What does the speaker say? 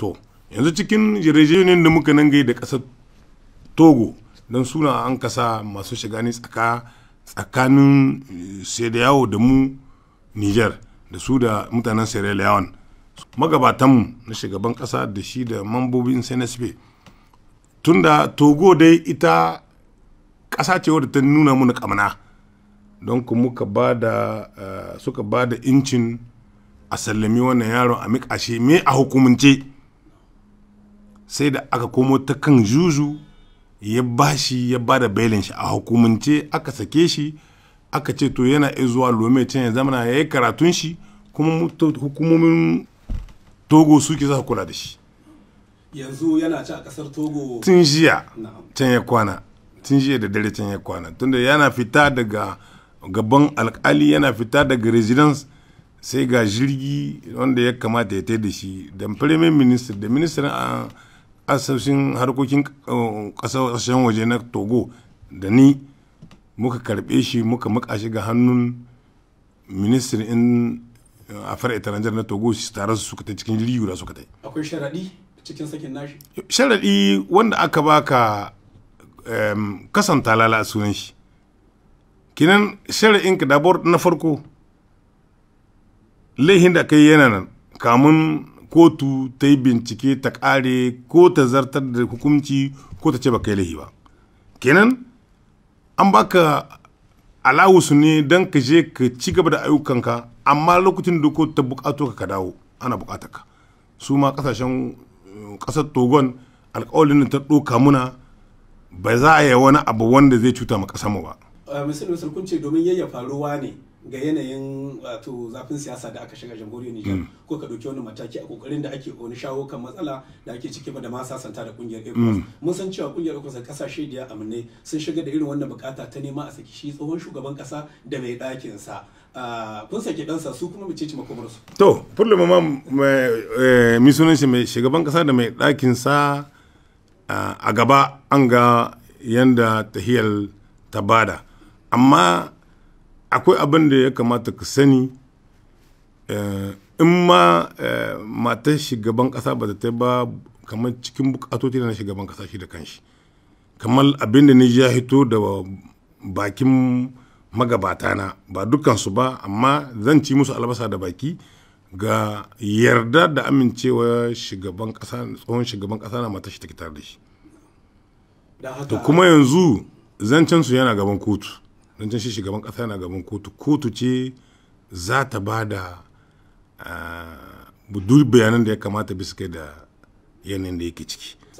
to yanzu cikin yarjejeniyar da muka nan gai da ƙasar togo don suna an kasa masu shiga ne tsaka tsakanin yawo eh, da mu niger da su da mutanen sierra leone magabatanmu na shugaban ƙasa da shi da mambobin senespe tunda togo dai ita ƙasa ce wadda ta nuna muna kamana don ku muka ba da eh, suka ba da incin a sallami wannan yaron a miƙa shi me a hukumance sai da aka komo ta kan juju ya bashi ya ba da bailin shi a hukumance aka sake shi aka ce to yana iya zuwa lome can ya zamana ya yi karatun shi kuma hukumomin togo suke za kula da shi yanzu yana ci a kasar togo tun jiya can ya kwana tun jiya da dare can ya kwana tunda yana fita daga gaban alkali yana fita daga residence sai ga jirgi wanda ya kamata ya da shi da premier minister da ministan ah, asashen harkokin kasashen eh, waje na togo da ni muka karbe shi muka muka shi ga hannun ministry in eh, afar italian na togo su tare su suka ta cikin jirgi guda suka ta akwai sharaɗi cikin sakin nashi sharaɗi wanda aka baka kasanta lala a sunan shi kinan shari'in ka dabor na farko laihin da kai yana nan kamun kotu ta yi bincike ta ƙare ko ta zartar da hukunci ko ta ce ba kai laihi ba kenan an baka alawusu ne don ka je ka ci gaba da ayyukanka amma lokacin da kotu ta bukato ka dawo ana buƙatar ka su ma kasashen kasar eh, togon alkawalin ta doka muna ba za a yi wani abu wanda zai cuta ma kasarmu ba. misali eh, misali kun ce domin yayya faruwa ne ga yanayin wato zafin siyasa da aka shiga jamhuriyar Nijar hmm. ko ka dauki wani mataki a kokarin da ake wani shawo kan matsala da ake ciki da ma sasanta da kungiyar ECOWAS hmm. mun san cewa kungiyar ECOWAS da kasashe da amne sun shiga da irin wannan bukata ta nema a saki shi tsohon shugaban kasa da mai dakin sa ah, kun saki ɗansa su kuma mu ce makomar su to problem ma eh, mi sunan shi mai shugaban kasa da mai dakin sa ah, a gaba an ga yanda tahiyal ta bada amma akwai abin da ya kamata ka sani eh, in ma eh, matar shugaban kasa ba ta ba kamar cikin bukatoci na shugaban kasa shi da kanshi kamar abin da ni ya hito da bakin magabata na ba dukansu ba amma zan ci musu albasa da baki ga yarda da amincewa shugaban kasa tsohon shugaban kasa na matar shi ta kitar da shi to kuma yanzu zancen su yana gaban kotu rancen shi shugaban kasa na gaban kotu kotu ce za ta ba da budur ah, bayanan da ya kamata bisa kai da yanayin da yake ciki